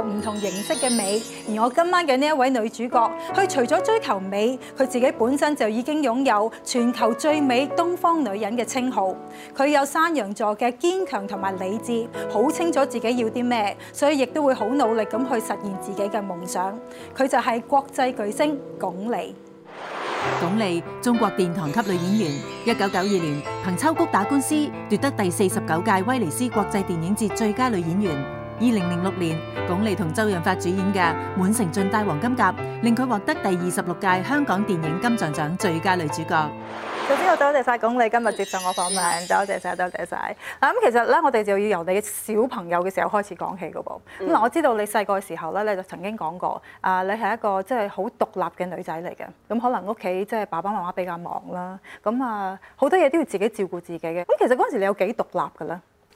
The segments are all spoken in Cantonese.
有唔同形式嘅美，而我今晚嘅呢一位女主角，佢除咗追求美，佢自己本身就已經擁有全球最美東方女人嘅稱號。佢有山羊座嘅堅強同埋理智，好清楚自己要啲咩，所以亦都會好努力咁去實現自己嘅夢想。佢就係國際巨星鞏俐。鞏俐，中國殿堂級女演員，一九九二年憑《秋菊打官司》奪得第四十九屆威尼斯國際電影節最佳女演員。二零零六年，鞏俐同周潤發主演嘅《滿城盡帶黃金甲》，令佢獲得第二十六屆香港電影金像獎最佳女主角。首先我多謝晒鞏俐今日接受我訪問，多謝晒，多謝晒。嗱，咁其實咧，我哋就要由你嘅小朋友嘅時候開始講起噶噃。咁嗱、嗯，我知道你細個嘅時候咧，你就曾經講過，啊，你係一個即係好獨立嘅女仔嚟嘅。咁可能屋企即係爸爸媽媽比較忙啦，咁啊好多嘢，都要自己照顧自己嘅。咁其實嗰陣時你有幾獨立噶啦？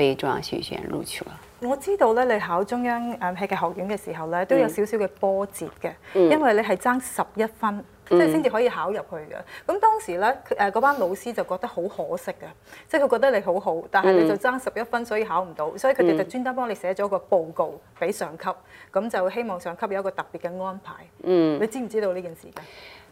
被中央戲劇學院錄取啦！我知道咧，你考中央誒戲劇學院嘅時候咧，嗯、都有少少嘅波折嘅，嗯、因為你係爭十一分，即係先至可以考入去嘅。咁當時咧，誒嗰班老師就覺得好可惜啊，即係佢覺得你好好，但係你就爭十一分，嗯所，所以考唔到，所以佢哋就專登幫你寫咗個報告俾上級，咁就希望上級有一個特別嘅安排。嗯，你知唔知道呢件事嘅？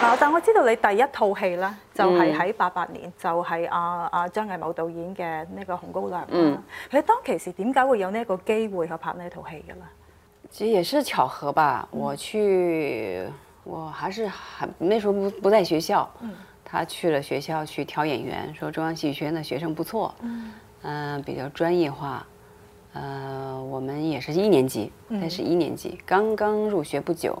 啊、但我知道你第一套戲咧，就係喺八八年，嗯、就係阿阿張藝謀導演嘅呢個《紅高粱》。嗯。其實當其時點解會有呢一個機會去拍呢一套戲嘅咧？其實也是巧合吧。我去，嗯、我還是很那時候不在學校。嗯、他去了學校去挑演員，說中央戲劇學院嘅學生不錯。嗯。嗯、呃，比較專業化。嗯、呃，我們也是一年級，但是一年級，剛剛、嗯、入學不久。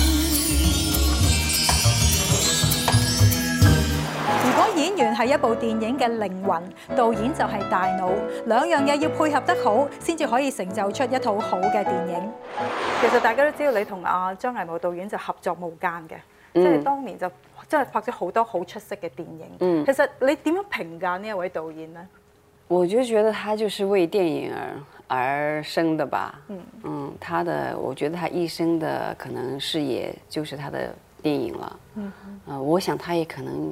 演員係一部電影嘅靈魂，導演就係大腦，兩樣嘢要配合得好，先至可以成就出一套好嘅電影。其實大家都知道你同阿張藝謀導演就合作無間嘅，即係、嗯、當年就真係拍咗好多好出色嘅電影。嗯、其實你點樣評價呢一位導演呢？我就覺得他就是為電影而，而生的吧。嗯，他的我覺得他一生的可能視野就是他的電影了。嗯哼、呃，我想他也可能。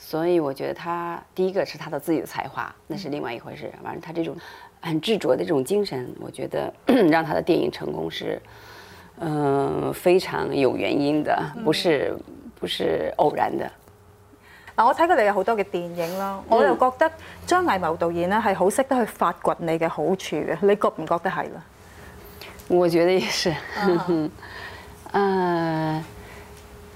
所以我覺得他第一個是他的自己的才華，那是另外一回事。反正他這種很執着的這種精神，我覺得讓他的電影成功是，嗯、呃，非常有原因的，不是不是偶然的。嗯、我睇過你有好多嘅電影咯，我又覺得張藝謀導演呢，係好識得去發掘你嘅好處嘅，你覺唔覺得係咧？我覺得也是呵呵、uh，嗯、huh.，呃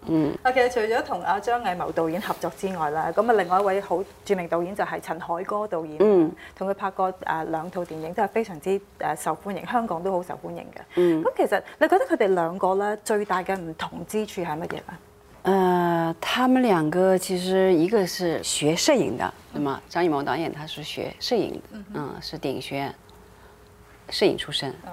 啊，其實、嗯 okay，除咗同阿張藝謀導演合作之外啦，咁啊另外一位好著名導演就係陳凱歌導演，同佢、嗯、拍過啊兩套電影都係非常之誒受歡迎，香港都好受歡迎嘅。咁、嗯、其實你覺得佢哋兩個咧最大嘅唔同之處係乜嘢啊？誒、呃，他們兩個其實一個是學攝影的，嗯、對嗎？張藝謀導演他是學攝影的，嗯，哼嗯，是電影學院攝影出身。嗯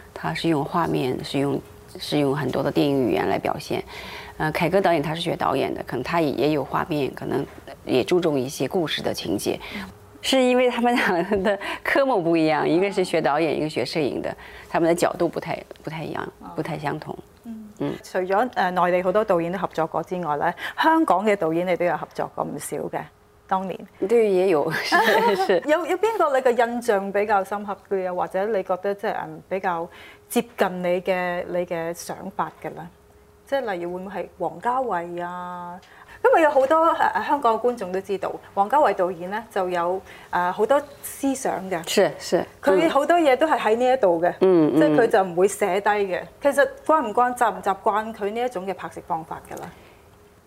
他是用畫面，是用是用很多的電影語言來表現。呃、啊，凱歌導演他是學導演的，可能他也也有畫面，可能也注重一些故事的情節。嗯、是因為他們兩個的科目不一樣，一個是學導演，一個學攝影的，他們的角度不太不太一樣，不太相同。嗯嗯，除咗誒內地好多導演都合作過之外咧，香港嘅導演你都有合作過唔少嘅。當年啲嘢有， 有，有有邊個你嘅印象比較深刻嘅？啊？或者你覺得即係誒比較接近你嘅你嘅想法嘅咧？即係例如會唔會係王家衞啊？因為有好多誒、呃、香港嘅觀眾都知道王家衞導演咧就有誒好、呃、多思想嘅，佢好多嘢都係喺呢一度嘅，嗯，即係佢就唔會寫低嘅。嗯、其實慣唔慣習唔習慣佢呢一種嘅拍攝方法嘅咧？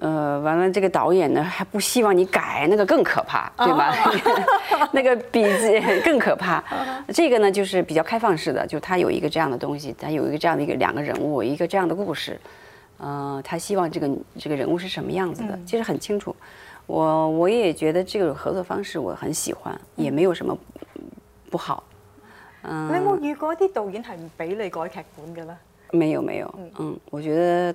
呃，完了，這個導演呢還不希望你改，那個更可怕，對嗎？ 那個比這更可怕。 這個呢就是比較開放式的，就他有一個這樣的東西，他有一個這樣的一個兩個人物，一個這樣的故事。嗯、呃，他希望這個這個人物是什麼樣子的，嗯、其實很清楚。我我也覺得這個合作方式我很喜歡，也沒有什麼不好。嗯、呃。你有遇過啲導演係唔俾你改劇本嘅呢？沒有沒有，嗯，嗯我覺得。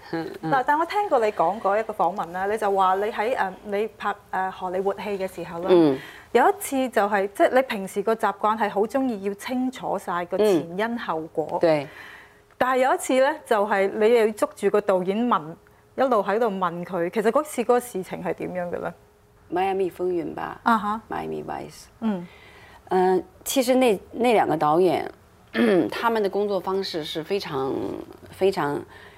嗱，嗯嗯、但我聽過你講過一個訪問啦，你就話你喺誒你拍誒荷里活戲嘅時候啦，嗯、有一次就係即係你平時個習慣係好中意要清楚晒個前因後果。嗯、對，但係有一次咧，就係、是、你要捉住個導演問，一路喺度問佢。其實嗰次嗰個事情係點樣嘅咧？Miami 風雲吧。啊哈。Miami Vice。嗯。誒，其實呢呢兩個導演，他們嘅工作方式是非常非常。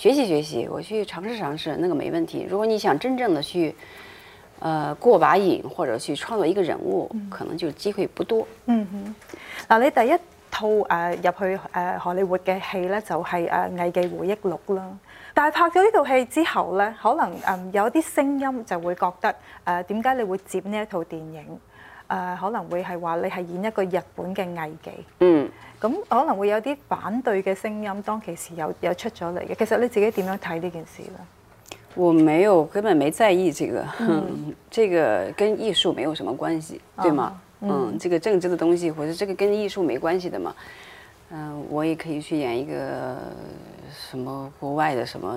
學習學習，我去嘗試嘗試，那個沒問題。如果你想真正的去，呃，過把癮或者去創作一個人物，可能就機會不多。嗯哼，嗱、嗯，那你第一套誒、呃、入去誒荷里活嘅戲咧，就係、是、誒《藝、呃、妓回憶錄》啦。但係拍咗呢套戲之後咧，可能嗯、呃、有啲聲音就會覺得誒，點、呃、解你會接呢一套電影？呃、可能會係話你係演一個日本嘅藝妓，嗯，咁、嗯、可能會有啲反對嘅聲音，當其時有有出咗嚟嘅。其實你自己點樣睇呢件事咧？我沒有根本沒在意這個，嗯嗯、這個跟藝術沒有什麼關係，啊、對嗎，嗯，嗯這個政治嘅東西或者這個跟藝術沒關係的嘛。嗯、呃，我也可以去演一個什麼國外的什麼